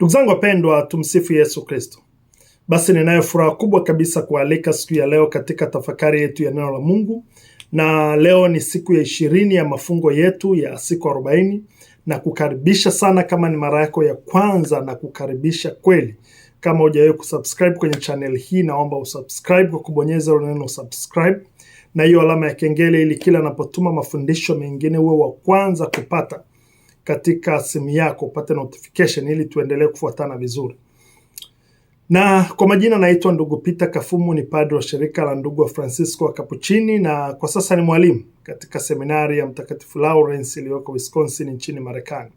Ndugu zangu wapendwa, tumsifu Yesu Kristo. Basi ninayo furaha kubwa kabisa kualika siku ya leo katika tafakari yetu ya neno la Mungu, na leo ni siku ya ishirini ya mafungo yetu ya siku arobaini na kukaribisha sana. Kama ni mara yako ya kwanza, na kukaribisha kweli. Kama hujawahi kusubscribe kwenye channel hii, naomba usubscribe kwa kubonyeza neno subscribe na hiyo alama ya kengele, ili kila anapotuma mafundisho mengine uwe wa kwanza kupata katika simu yako upate notification ili tuendelee kufuatana vizuri. Na kwa majina naitwa ndugu Peter Kafumu, ni padri wa shirika la ndugu wa Francisco wa Kapuchini, na kwa sasa ni mwalimu katika seminari ya Mtakatifu Lawrence iliyoko Wisconsin nchini Marekani.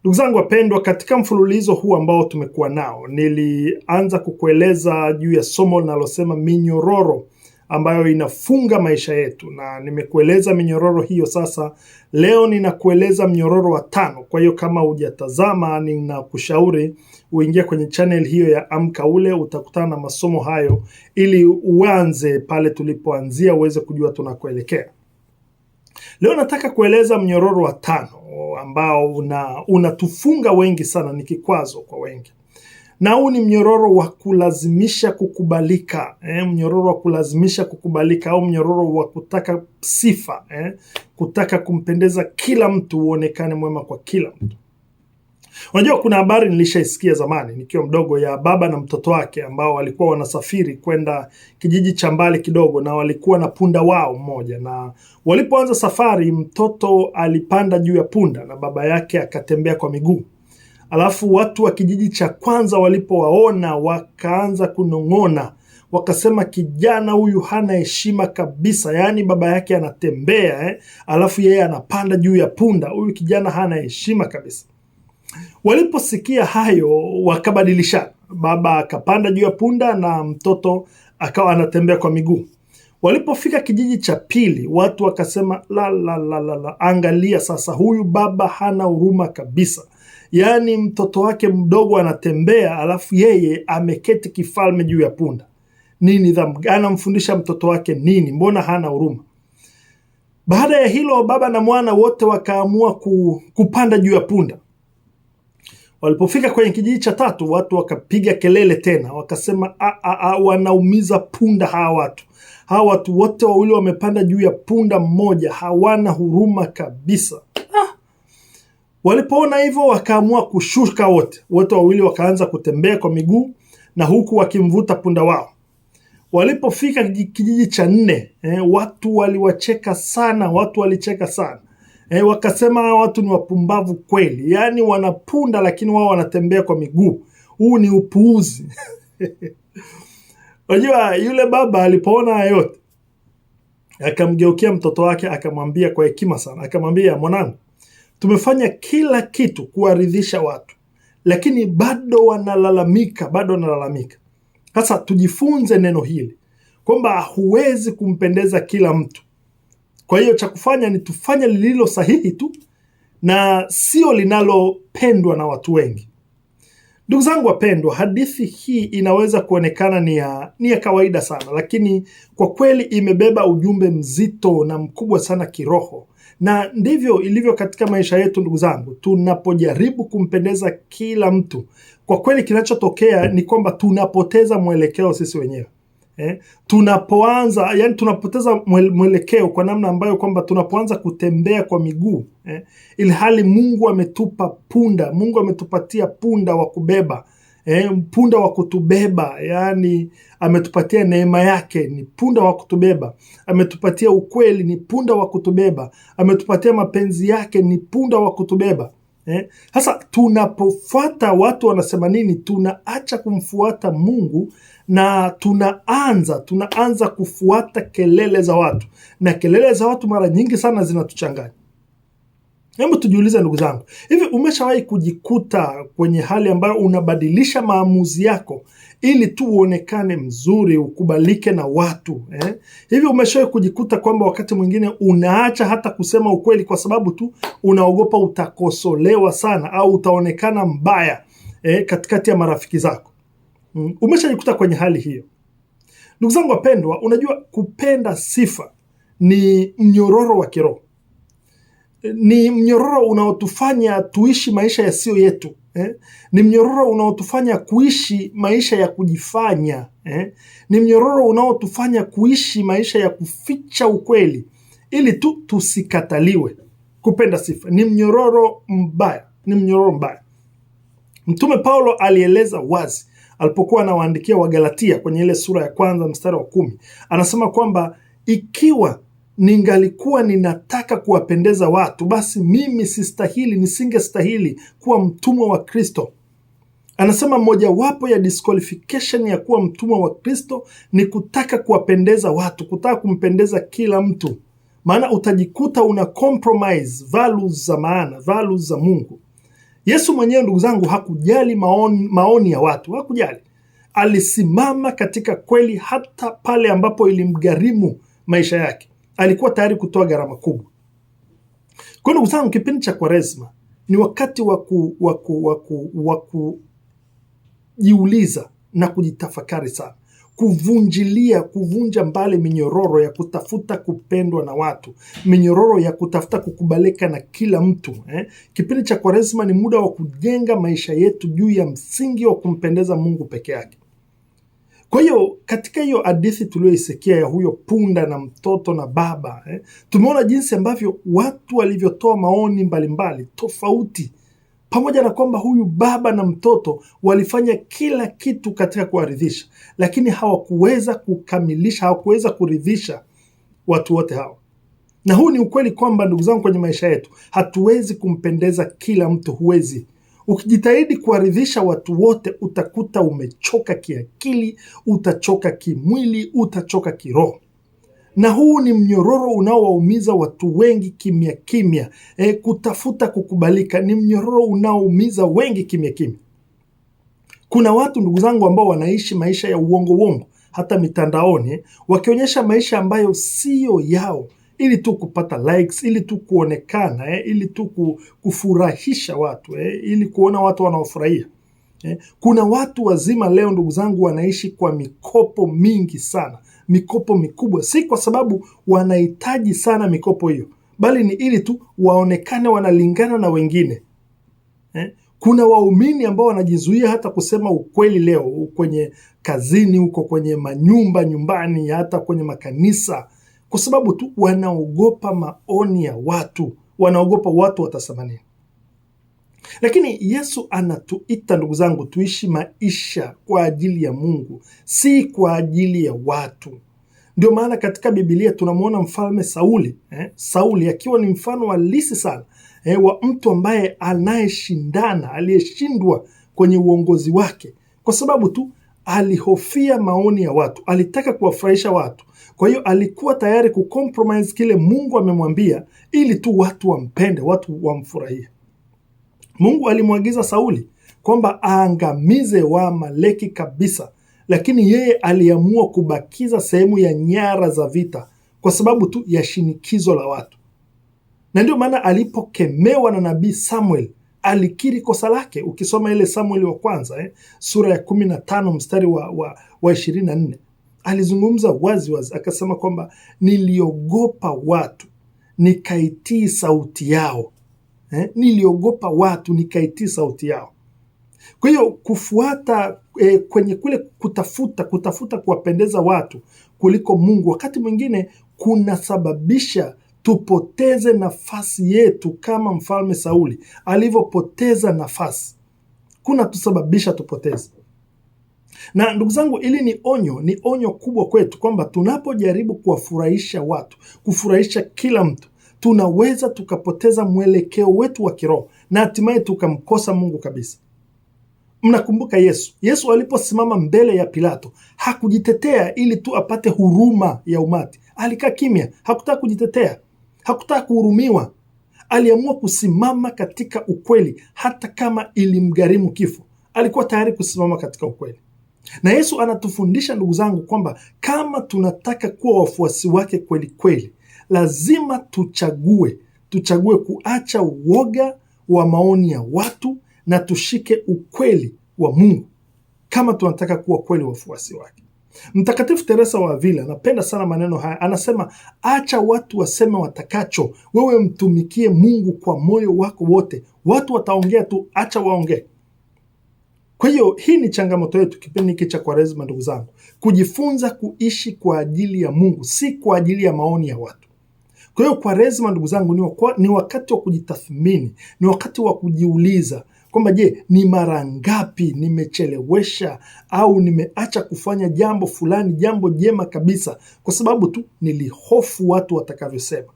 Ndugu zangu wapendwa, katika mfululizo huu ambao tumekuwa nao, nilianza kukueleza juu ya somo linalosema minyororo ambayo inafunga maisha yetu, na nimekueleza minyororo hiyo. Sasa leo ninakueleza mnyororo wa tano. Kwa hiyo kama hujatazama, ninakushauri uingie kwenye channel hiyo ya Amka Ule, utakutana na masomo hayo ili uanze pale tulipoanzia, uweze kujua tunakoelekea. Leo nataka kueleza mnyororo wa tano ambao una unatufunga wengi sana, ni kikwazo kwa wengi na huu ni mnyororo wa kulazimisha kukubalika eh, mnyororo wa kulazimisha kukubalika au mnyororo wa kutaka sifa eh, kutaka kumpendeza kila mtu, uonekane mwema kwa kila mtu. Unajua, kuna habari nilishaisikia zamani nikiwa mdogo ya baba na mtoto wake ambao walikuwa wanasafiri kwenda kijiji cha mbali kidogo, na walikuwa na punda wao mmoja. Na walipoanza safari, mtoto alipanda juu ya punda na baba yake akatembea kwa miguu Alafu watu wa kijiji cha kwanza walipowaona wakaanza kunong'ona, wakasema kijana huyu hana heshima kabisa, yaani baba yake anatembea eh, alafu yeye anapanda juu ya punda. Huyu kijana hana heshima kabisa. Waliposikia hayo wakabadilishana, baba akapanda juu ya punda na mtoto akawa anatembea kwa miguu. Walipofika kijiji cha pili, watu wakasema la, la, la, la, la, angalia sasa, huyu baba hana huruma kabisa yaani mtoto wake mdogo anatembea, alafu yeye ameketi kifalme juu ya punda. Nini dhambi? Anamfundisha mtoto wake nini? Mbona hana huruma? Baada ya hilo, baba na mwana wote wakaamua ku, kupanda juu ya punda. Walipofika kwenye kijiji cha tatu, watu wakapiga kelele tena, wakasema a, ah, a, ah, a, ah, wanaumiza punda hawa watu hawa watu wote wawili wamepanda juu ya punda mmoja, hawana huruma kabisa. Walipoona hivyo, wakaamua kushuka wote wote wawili, wakaanza kutembea kwa miguu na huku wakimvuta punda wao. Walipofika kijiji cha nne eh, watu waliwacheka sana, watu walicheka sana eh, wakasema hawa watu ni wapumbavu kweli, yaani wanapunda lakini wao wanatembea kwa miguu, huu ni upuuzi. Unajua, yule baba alipoona haya yote akamgeukia mtoto wake akamwambia kwa hekima sana, akamwambia mwanangu Tumefanya kila kitu kuwaridhisha watu, lakini bado wanalalamika, bado wanalalamika. Sasa tujifunze neno hili kwamba huwezi kumpendeza kila mtu. Kwa hiyo cha kufanya ni tufanye lililo sahihi tu na sio linalopendwa na watu wengi. Ndugu zangu wapendwa, hadithi hii inaweza kuonekana ni ya, ni ya kawaida sana, lakini kwa kweli imebeba ujumbe mzito na mkubwa sana kiroho na ndivyo ilivyo katika maisha yetu, ndugu zangu, tunapojaribu kumpendeza kila mtu, kwa kweli kinachotokea ni kwamba tunapoteza mwelekeo sisi wenyewe. Eh, tunapoanza yani, tunapoteza mwelekeo kwa namna ambayo kwamba tunapoanza kutembea kwa miguu eh, ilhali Mungu ametupa punda, Mungu ametupatia punda wa kubeba eh, mpunda wa kutubeba yaani, ametupatia neema yake, ni punda wa kutubeba. Ametupatia ukweli, ni punda wa kutubeba. Ametupatia mapenzi yake, ni punda wa kutubeba. Eh, sasa eh, tunapofuata watu wanasema nini, tunaacha kumfuata Mungu na tunaanza tunaanza kufuata kelele za watu, na kelele za watu mara nyingi sana zinatuchanganya. Hebu tujiulize ndugu zangu, hivi umeshawahi kujikuta kwenye hali ambayo unabadilisha maamuzi yako ili tu uonekane mzuri, ukubalike na watu eh? Hivi umeshawahi kujikuta kwamba wakati mwingine unaacha hata kusema ukweli kwa sababu tu unaogopa utakosolewa sana au utaonekana mbaya eh, katikati ya marafiki zako? Mm, umeshajikuta kwenye hali hiyo? Ndugu zangu wapendwa, unajua kupenda sifa ni mnyororo wa kiroho ni mnyororo unaotufanya tuishi maisha yasiyo yetu eh? Ni mnyororo unaotufanya kuishi maisha ya kujifanya eh? Ni mnyororo unaotufanya kuishi maisha ya kuficha ukweli ili tu tusikataliwe kupenda sifa. Ni mnyororo mbaya, ni mnyororo mbaya. Mtume Paulo alieleza wazi alipokuwa anawaandikia Wagalatia kwenye ile sura ya kwanza mstari wa kumi, anasema kwamba ikiwa ningalikuwa ninataka kuwapendeza watu, basi mimi sistahili, nisingestahili kuwa mtumwa wa Kristo. Anasema mojawapo ya disqualification ya kuwa mtumwa wa Kristo ni kutaka kuwapendeza watu, kutaka kumpendeza kila mtu, maana utajikuta una compromise values za maana, values za Mungu. Yesu mwenyewe, ndugu zangu, hakujali maoni, maoni ya watu, hakujali. Alisimama katika kweli hata pale ambapo ilimgharimu maisha yake alikuwa tayari kutoa gharama kubwa. Kwa ndugu zangu, kipindi cha Kwaresma ni wakati wa ku, wa ku, wa ku, wa kujiuliza na kujitafakari sana, kuvunjilia, kuvunja mbali minyororo ya kutafuta kupendwa na watu, minyororo ya kutafuta kukubalika na kila mtu eh. Kipindi cha Kwaresma ni muda wa kujenga maisha yetu juu ya msingi wa kumpendeza Mungu peke yake. Kwa hiyo katika hiyo hadithi tuliyoisikia ya huyo punda na mtoto na baba eh, tumeona jinsi ambavyo watu walivyotoa maoni mbalimbali mbali, tofauti pamoja na kwamba huyu baba na mtoto walifanya kila kitu katika kuwaridhisha, lakini hawakuweza kukamilisha, hawakuweza kuridhisha watu wote hawa. Na huu ni ukweli kwamba, ndugu zangu, kwenye maisha yetu hatuwezi kumpendeza kila mtu, huwezi Ukijitahidi kuwaridhisha watu wote, utakuta umechoka kiakili, utachoka kimwili, utachoka kiroho na huu ni mnyororo unaowaumiza watu wengi kimya kimya. E, kutafuta kukubalika ni mnyororo unaoumiza wengi kimya kimya. Kuna watu ndugu zangu, ambao wanaishi maisha ya uongo uongo, hata mitandaoni, wakionyesha maisha ambayo siyo yao, ili tu kupata likes, ili tu kuonekana eh, ili tu kufurahisha watu eh, ili kuona watu wanaofurahia eh. Kuna watu wazima leo, ndugu zangu, wanaishi kwa mikopo mingi sana, mikopo mikubwa, si kwa sababu wanahitaji sana mikopo hiyo, bali ni ili tu waonekane wanalingana na wengine eh. Kuna waumini ambao wanajizuia hata kusema ukweli leo kwenye kazini, huko kwenye manyumba, nyumbani, hata kwenye makanisa kwa sababu tu wanaogopa maoni ya watu, wanaogopa watu watasema nini. Lakini Yesu anatuita ndugu zangu, tuishi maisha kwa ajili ya Mungu, si kwa ajili ya watu. Ndio maana katika Bibilia tunamwona mfalme Sauli eh, Sauli akiwa ni mfano halisi sana eh, wa mtu ambaye anayeshindana, aliyeshindwa kwenye uongozi wake kwa sababu tu alihofia maoni ya watu, alitaka kuwafurahisha watu. Kwa hiyo alikuwa tayari kucompromise kile Mungu amemwambia ili tu watu wampende, watu wamfurahie. Mungu alimwagiza Sauli kwamba aangamize Waamaleki kabisa, lakini yeye aliamua kubakiza sehemu ya nyara za vita kwa sababu tu ya shinikizo la watu, na ndio maana alipokemewa na nabii Samuel alikiri kosa lake. Ukisoma ile Samueli wa kwanza eh, sura ya kumi na tano mstari wa, wa, wa ishirini na nne alizungumza wazi wazi akasema kwamba niliogopa watu nikaitii sauti yao eh, niliogopa watu nikaitii sauti yao. Kwa hiyo kufuata eh, kwenye kule kutafuta kutafuta kuwapendeza watu kuliko Mungu wakati mwingine kunasababisha tupoteze nafasi yetu kama mfalme Sauli alivyopoteza nafasi, kuna tusababisha tupoteze. Na ndugu zangu, ili ni onyo, ni onyo kubwa kwetu kwamba tunapojaribu kuwafurahisha watu, kufurahisha kila mtu, tunaweza tukapoteza mwelekeo wetu wa kiroho na hatimaye tukamkosa Mungu kabisa. Mnakumbuka Yesu. Yesu aliposimama mbele ya Pilato hakujitetea ili tu apate huruma ya umati, alikaa kimya, hakutaka kujitetea hakutaka kuhurumiwa. Aliamua kusimama katika ukweli, hata kama ilimgharimu kifo. Alikuwa tayari kusimama katika ukweli. Na Yesu anatufundisha ndugu zangu, kwamba kama tunataka kuwa wafuasi wake kweli kweli, lazima tuchague, tuchague kuacha uoga wa maoni ya watu na tushike ukweli wa Mungu kama tunataka kuwa kweli wafuasi wake. Mtakatifu Teresa wa Avila anapenda sana maneno haya, anasema acha watu waseme watakacho, wewe mtumikie Mungu kwa moyo wako wote. Watu wataongea tu, acha waongee. Kwa hiyo hii ni changamoto yetu kipindi hiki cha Kwaresma, ndugu zangu, kujifunza kuishi kwa ajili ya Mungu, si kwa ajili ya maoni ya watu. Kwa hiyo Kwaresma, ndugu zangu, ni wakati wa kujitathmini, ni wakati wa kujiuliza kwamba je, ni mara ngapi nimechelewesha au nimeacha kufanya jambo fulani, jambo jema kabisa, kwa sababu tu nilihofu watu watakavyosema?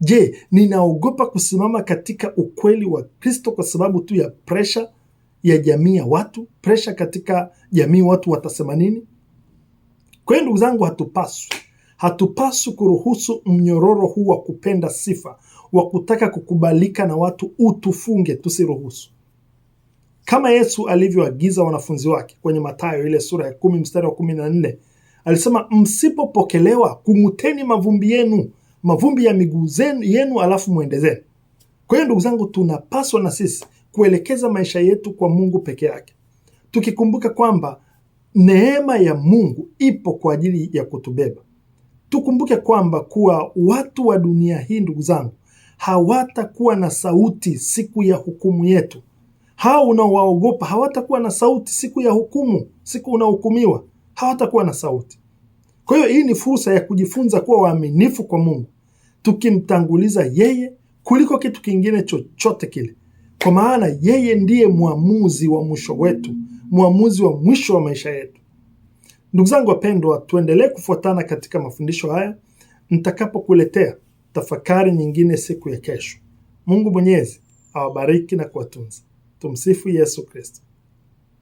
Je, ninaogopa kusimama katika ukweli wa Kristo kwa sababu tu ya presha ya jamii ya watu, presha katika jamii, watu watasema nini? Kwa hiyo ndugu zangu, hatupaswi Hatupaswi kuruhusu mnyororo huu wa kupenda sifa, wa kutaka kukubalika na watu utufunge, tusiruhusu. Kama Yesu alivyoagiza wanafunzi wake kwenye Mathayo ile sura ya kumi mstari wa kumi na nne alisema, msipopokelewa kung'uteni mavumbi yenu, mavumbi ya miguu yenu, alafu mwende zenu. Kwa hiyo ndugu zangu, tunapaswa na sisi kuelekeza maisha yetu kwa Mungu peke yake, tukikumbuka kwamba neema ya Mungu ipo kwa ajili ya kutubeba. Tukumbuke kwamba kuwa watu wa dunia hii, ndugu zangu, hawatakuwa na sauti siku ya hukumu yetu. Hao unaowaogopa hawatakuwa na sauti siku ya hukumu, siku unaohukumiwa, hawatakuwa na sauti. Kwa hiyo hii ni fursa ya kujifunza kuwa waaminifu kwa Mungu, tukimtanguliza yeye kuliko kitu kingine chochote kile, kwa maana yeye ndiye mwamuzi wa mwisho wetu, mwamuzi wa mwisho wa maisha yetu. Ndugu zangu wapendwa, tuendelee kufuatana katika mafundisho haya nitakapokuletea tafakari nyingine siku ya kesho. Mungu Mwenyezi awabariki na kuwatunza. Tumsifu Yesu Kristo.